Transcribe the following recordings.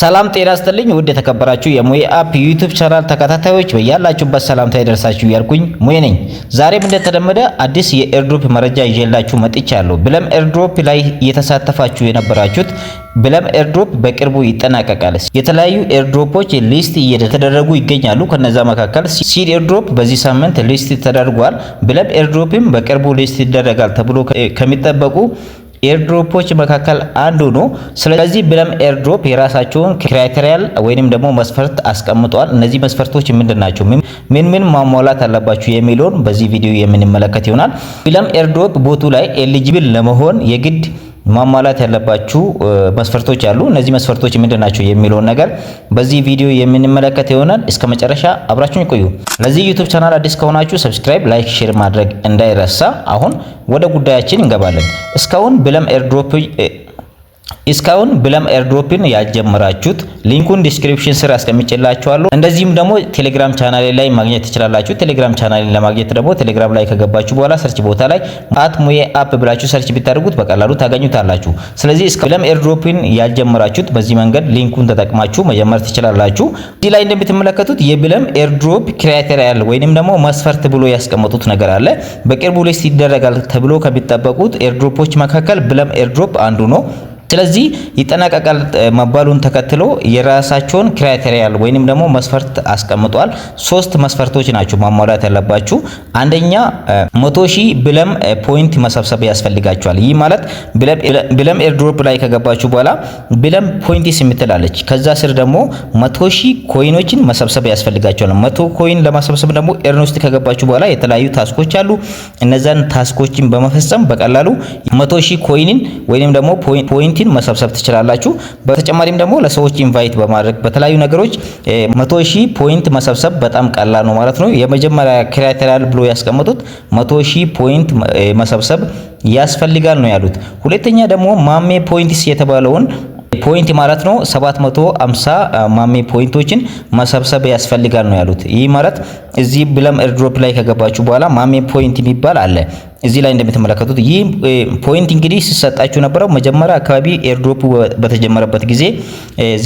ሰላም ጤና ይስጥልኝ ውድ የተከበራችሁ የሙሄ አፕ ዩቲዩብ ቻናል ተከታታዮች በያላችሁበት ሰላምታ ይደርሳችሁ እያልኩኝ ሙሄ ነኝ። ዛሬም እንደተለመደ አዲስ የኤርድሮፕ መረጃ ይዤላችሁ መጥቻለሁ። ብለም ኤርድሮፕ ላይ እየተሳተፋችሁ የነበራችሁት ብለም ኤርድሮፕ በቅርቡ ይጠናቀቃል። የተለያዩ ኤርድሮፖች ሊስት እየተደረጉ ይገኛሉ። ከነዛ መካከል ሲድ ኤርድሮፕ በዚህ ሳምንት ሊስት ተደርጓል። ብለም ኤርድሮፕም በቅርቡ ሊስት ይደረጋል ተብሎ ከሚጠበቁ ኤርድሮፖች መካከል አንዱ ነው። ስለዚህ ብለም ኤርድሮፕ የራሳቸውን ክራይቴሪያል ወይንም ደግሞ መስፈርት አስቀምጧል። እነዚህ መስፈርቶች ምንድን ናቸው፣ ምን ምን ማሟላት አለባችሁ የሚለውን በዚህ ቪዲዮ የምንመለከት ይሆናል። ብለም ኤርድሮፕ ቦቱ ላይ ኤሊጂብል ለመሆን የግድ ማሟላት ያለባችሁ መስፈርቶች አሉ። እነዚህ መስፈርቶች ምንድን ናቸው የሚለውን ነገር በዚህ ቪዲዮ የምንመለከት ይሆናል። እስከ መጨረሻ አብራችሁን ቆዩ። ለዚህ ዩቱብ ቻናል አዲስ ከሆናችሁ ሰብስክራይብ፣ ላይክ፣ ሼር ማድረግ እንዳይረሳ። አሁን ወደ ጉዳያችን እንገባለን። እስካሁን ብለም ኤርድሮፕ እስካሁን ብለም ኤርድሮፕን ያጀመራችሁት ሊንኩን ዲስክሪፕሽን ስር አስቀምጬላችኋለሁ። እንደዚህም ደግሞ ቴሌግራም ቻናሌ ላይ ማግኘት ትችላላችሁ። ቴሌግራም ቻናሌን ለማግኘት ደግሞ ቴሌግራም ላይ ከገባችሁ በኋላ ሰርች ቦታ ላይ አት ሙዬ አፕ ብላችሁ ሰርች ብታደርጉት በቀላሉ ታገኙታላችሁ። ስለዚህ እስከ ብለም ኤርድሮፕን ያጀመራችሁት በዚህ መንገድ ሊንኩን ተጠቅማችሁ መጀመር ትችላላችሁ። እዚህ ላይ እንደምትመለከቱት የብለም ኤርድሮፕ ክራይቴሪያል ወይንም ደግሞ መስፈርት ብሎ ያስቀመጡት ነገር አለ። በቅርቡ ሊስት ይደረጋል ተብሎ ከሚጠበቁት ኤርድሮፖች መካከል ብለም ኤርድሮፕ አንዱ ነው። ስለዚህ ይጠናቀቃል መባሉን ተከትሎ የራሳቸውን ክራይቴሪያል ወይንም ደግሞ መስፈርት አስቀምጧል። ሶስት መስፈርቶች ናቸው ማሟላት ያለባችሁ። አንደኛ መቶ ሺህ ብለም ፖይንት መሰብሰብ ያስፈልጋቸዋል። ይህ ማለት ብለም ኤርድሮፕ ላይ ከገባችሁ በኋላ ብለም ፖይንትስ የምትላለች ከዛ ስር ደግሞ መቶ ሺህ ኮይኖችን መሰብሰብ ያስፈልጋቸዋል። መቶ ኮይን ለማሰብሰብ ደግሞ ኤርን ውስጥ ከገባችሁ በኋላ የተለያዩ ታስኮች አሉ። እነዛን ታስኮችን በመፈጸም በቀላሉ መቶ ሺህ ኮይንን ወይንም ደግሞ ፖይንት ኮሚኒቲን መሰብሰብ ትችላላችሁ። በተጨማሪም ደግሞ ለሰዎች ኢንቫይት በማድረግ በተለያዩ ነገሮች መቶ ሺህ ፖይንት መሰብሰብ በጣም ቀላል ነው ማለት ነው። የመጀመሪያ ክራይቴሪያል ብሎ ያስቀመጡት መቶ ሺህ ፖይንት መሰብሰብ ያስፈልጋል ነው ያሉት። ሁለተኛ ደግሞ ማሜ ፖይንትስ የተባለውን ፖይንት ማለት ነው 750 ማሜ ፖይንቶችን መሰብሰብ ያስፈልጋል ነው ያሉት። ይህ ማለት እዚህ ብለም ኤርድሮፕ ላይ ከገባችሁ በኋላ ማሜ ፖይንት የሚባል አለ። እዚህ ላይ እንደምትመለከቱት ይህ ፖይንት እንግዲህ ሲሰጣችሁ ነበረው። መጀመሪያ አካባቢ ኤርድሮፕ በተጀመረበት ጊዜ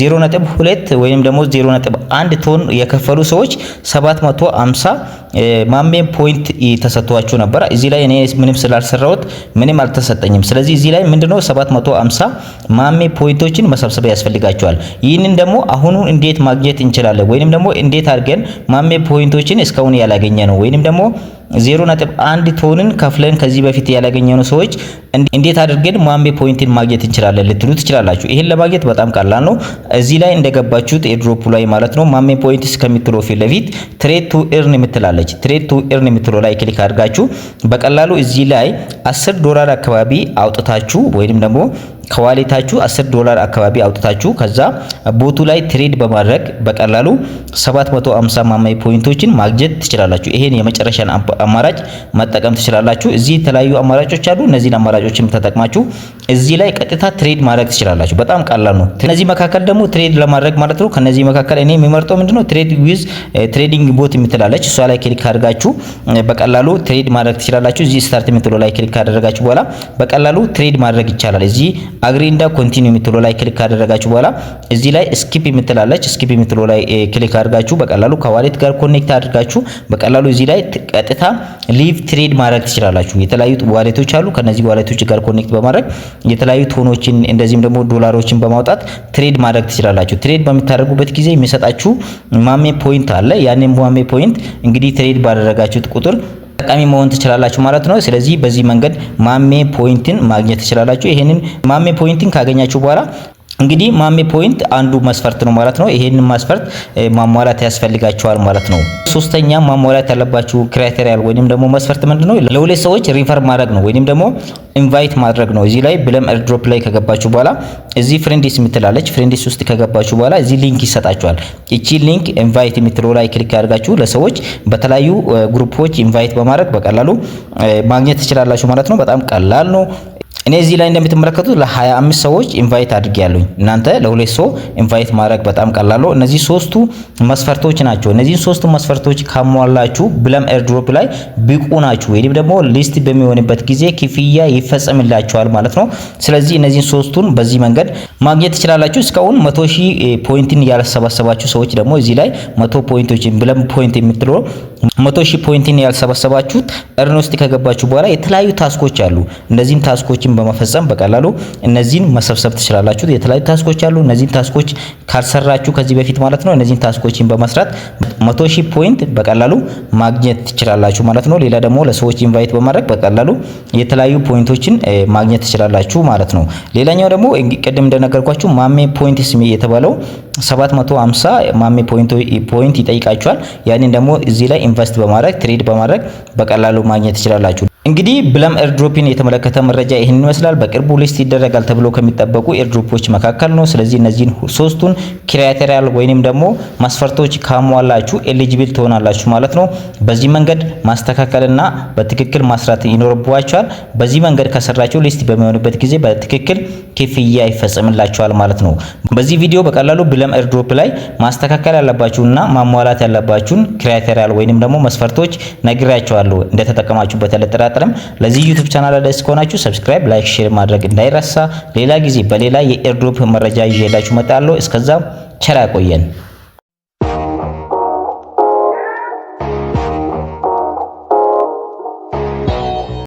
0.2 ወይም ደግሞ 0.1 ቶን የከፈሉ ሰዎች 750 ማሜ ፖይንት ተሰጥቷችሁ ነበረ። እዚህ ላይ እኔ ምንም ስላልሰራሁት ምንም አልተሰጠኝም። ስለዚህ እዚህ ላይ ምንድነው 750 ማሜ ፖይንቶችን መሰብሰብ ያስፈልጋቸዋል። ይህንን ደግሞ አሁኑ እንዴት ማግኘት እንችላለን ወይንም ደግሞ እንዴት አድርገን ማሜ ፖይንቶችን እስካሁን ያላገኘ ነው ወይንም ደግሞ ዜሮ ነጥብ አንድ ቶንን ከፍለን ከዚህ በፊት ያላገኘነው ሰዎች እንዴት አድርገን ሙሀምቤ ፖይንትን ማግኘት እንችላለን ልትሉ ትችላላችሁ። ይህን ለማግኘት በጣም ቀላል ነው። እዚህ ላይ እንደገባችሁት ኤድሮፕ ላይ ማለት ነው ሙሀምቤ ፖይንት እስከሚትለው ፊት ለፊት ትሬድ ቱ ኤርን የምትላለች ትሬድ ቱ ኤርን የምትለው ላይ ክሊክ አድርጋችሁ በቀላሉ እዚህ ላይ 10 ዶላር አካባቢ አውጥታችሁ ወይንም ደግሞ ከዋሌታችሁ 10 ዶላር አካባቢ አውጥታችሁ ከዛ ቦቱ ላይ ትሬድ በማድረግ በቀላሉ 750 ማማይ ፖይንቶችን ማግኘት ትችላላችሁ። ይሄን የመጨረሻን አማራጭ መጠቀም ትችላላችሁ። እዚህ የተለያዩ አማራጮች አሉ። እነዚህን አማራጮችም ተጠቅማችሁ እዚህ ላይ ቀጥታ ትሬድ ማድረግ ትችላላችሁ። በጣም ቀላል ነው። ከነዚህ መካከል ደግሞ ትሬድ ለማድረግ ማለት ነው። ከነዚህ መካከል እኔ የሚመርጠው ምንድነው ትሬድ ዊዝ ትሬዲንግ ቦት የምትላለች እሷ ላይ ክሊክ አድርጋችሁ በቀላሉ ትሬድ ማድረግ ትችላላችሁ። እዚህ ስታርት የምትለው ላይ ክሊክ ካደረጋችሁ በኋላ በቀላሉ ትሬድ ማድረግ ይቻላል እዚህ አግሪ እንዳ ኮንቲኒው የምትለው ላይ ክሊክ ካደረጋችሁ በኋላ እዚህ ላይ ስኪፕ የምትላለች ስኪፕ የምትለው ላይ ክሊክ eh, አድርጋችሁ በቀላሉ ከዋሌት ጋር ኮኔክት አድርጋችሁ በቀላሉ እዚህ ላይ ቀጥታ ሊቭ ትሬድ ማድረግ ትችላላችሁ። የተለያዩ ዋሌቶች አሉ። ከነዚህ ዋሌቶች ጋር ኮኔክት በማድረግ የተለያዩ ቶኖችን እንደዚህም ደግሞ ዶላሮችን በማውጣት ትሬድ ማድረግ ትችላላችሁ። ትሬድ በምታደርጉበት ጊዜ የሚሰጣችሁ ማሜ ፖይንት አለ። ያንን ማሜ ፖይንት እንግዲህ ትሬድ ባደረጋችሁት ቁጥር ጠቃሚ መሆን ትችላላችሁ ማለት ነው። ስለዚህ በዚህ መንገድ ማሜ ፖይንትን ማግኘት ትችላላችሁ። ይሄንን ማሜ ፖይንትን ካገኛችሁ በኋላ እንግዲህ ማሜ ፖይንት አንዱ መስፈርት ነው ማለት ነው። ይሄን መስፈርት ማሟላት ያስፈልጋቸዋል ማለት ነው። ሶስተኛ ማሟላት ያለባችሁ ክራይቴሪያል ወይንም ደግሞ መስፈርት ምንድነው? ለሁለት ሰዎች ሪፈር ማድረግ ነው ወይንም ደግሞ ኢንቫይት ማድረግ ነው። እዚህ ላይ ብለም ኤርድሮፕ ላይ ከገባችሁ በኋላ እዚህ ፍሬንዲስ የምትላለች ፍሬንዲስ ውስጥ ከገባችሁ በኋላ እዚህ ሊንክ ይሰጣችኋል። እቺ ሊንክ ኢንቫይት የምትለው ላይ ክሊክ ያደርጋችሁ ለሰዎች በተለያዩ ግሩፖች ኢንቫይት በማድረግ በቀላሉ ማግኘት ትችላላችሁ ማለት ነው። በጣም ቀላል ነው። እኔ እዚህ ላይ እንደምትመለከቱት ለ25 ሰዎች ኢንቫይት ያለኝ እናንተ ለሁለት ሰው ኢንቫይት ማድረግ በጣም ቀላል ነው። እነዚህ ሶስቱ መስፈርቶች ናቸው። እነዚህ ሶስቱ መስፈርቶች ካሟላችሁ ብለም ኤርድሮፕ ላይ ብቁ ናችሁ፣ ወይም ደግሞ ሊስት በሚሆንበት ጊዜ ክፍያ ይፈጸምላችኋል ማለት ነው። ስለዚህ እነዚህ ሶስቱን በዚህ መንገድ ማግኘት ትችላላችሁ። እስካሁን 100 ሺህ ፖይንትን ያልሰባሰባችሁ ሰዎች ደግሞ እዚህ ላይ 100 ፖይንቶችን ብለም ፖይንት የምትለው 100 ሺህ ፖይንትን ያልሰባሰባችሁት እርኖ ውስጥ ከገባችሁ በኋላ የተለያዩ ታስኮች አሉ። እነዚህም ታስኮችን ታስኮችን በመፈጸም በቀላሉ እነዚህን መሰብሰብ ትችላላችሁ። የተለያዩ ታስኮች አሉ። እነዚህን ታስኮች ካልሰራችሁ ከዚህ በፊት ማለት ነው እነዚህን ታስኮችን በመስራት መቶ ሺህ ፖይንት በቀላሉ ማግኘት ትችላላችሁ ማለት ነው። ሌላ ደግሞ ለሰዎች ኢንቫይት በማድረግ በቀላሉ የተለያዩ ፖይንቶችን ማግኘት ትችላላችሁ ማለት ነው። ሌላኛው ደግሞ ቅድም እንደነገርኳችሁ ማሜ ፖይንትስ የተባለው 750 ማሜ ፖይንት ይጠይቃችኋል። ያንን ደግሞ እዚህ ላይ ኢንቨስት በማድረግ ትሬድ በማድረግ በቀላሉ ማግኘት ትችላላችሁ። እንግዲህ ብለም ኤርድሮፒን የተመለከተ መረጃ ይህን ይመስላል። በቅርቡ ሊስት ይደረጋል ተብሎ ከሚጠበቁ ኤርድሮፖች መካከል ነው። ስለዚህ እነዚህን ሶስቱን ክራይቴሪያል ወይንም ደግሞ መስፈርቶች ካሟላችሁ ኤሊጂብል ትሆናላችሁ ማለት ነው። በዚህ መንገድ ማስተካከልና በትክክል ማስራት ይኖርባችኋል። በዚህ መንገድ ከሰራችሁ ሊስት በሚሆንበት ጊዜ በትክክል ክፍያ ይፈጸምላችኋል ማለት ነው። በዚህ ቪዲዮ በቀላሉ ብለም ኤርድሮፕ ላይ ማስተካከል ያለባችሁና ማሟላት ያለባችሁን ክራይቴሪያል ወይንም ደግሞ መስፈርቶች ነግራችኋለሁ። እንደተጠቀማችሁበት ያለ አልጠራጠርም። ለዚህ ዩቲዩብ ቻናል አዲስ ከሆናችሁ ሰብስክራይብ፣ ላይክ፣ ሼር ማድረግ እንዳይረሳ። ሌላ ጊዜ በሌላ የኤርድሮፕ መረጃ ይዤላችሁ እመጣለሁ። እስከዛ ቸር ያቆየን።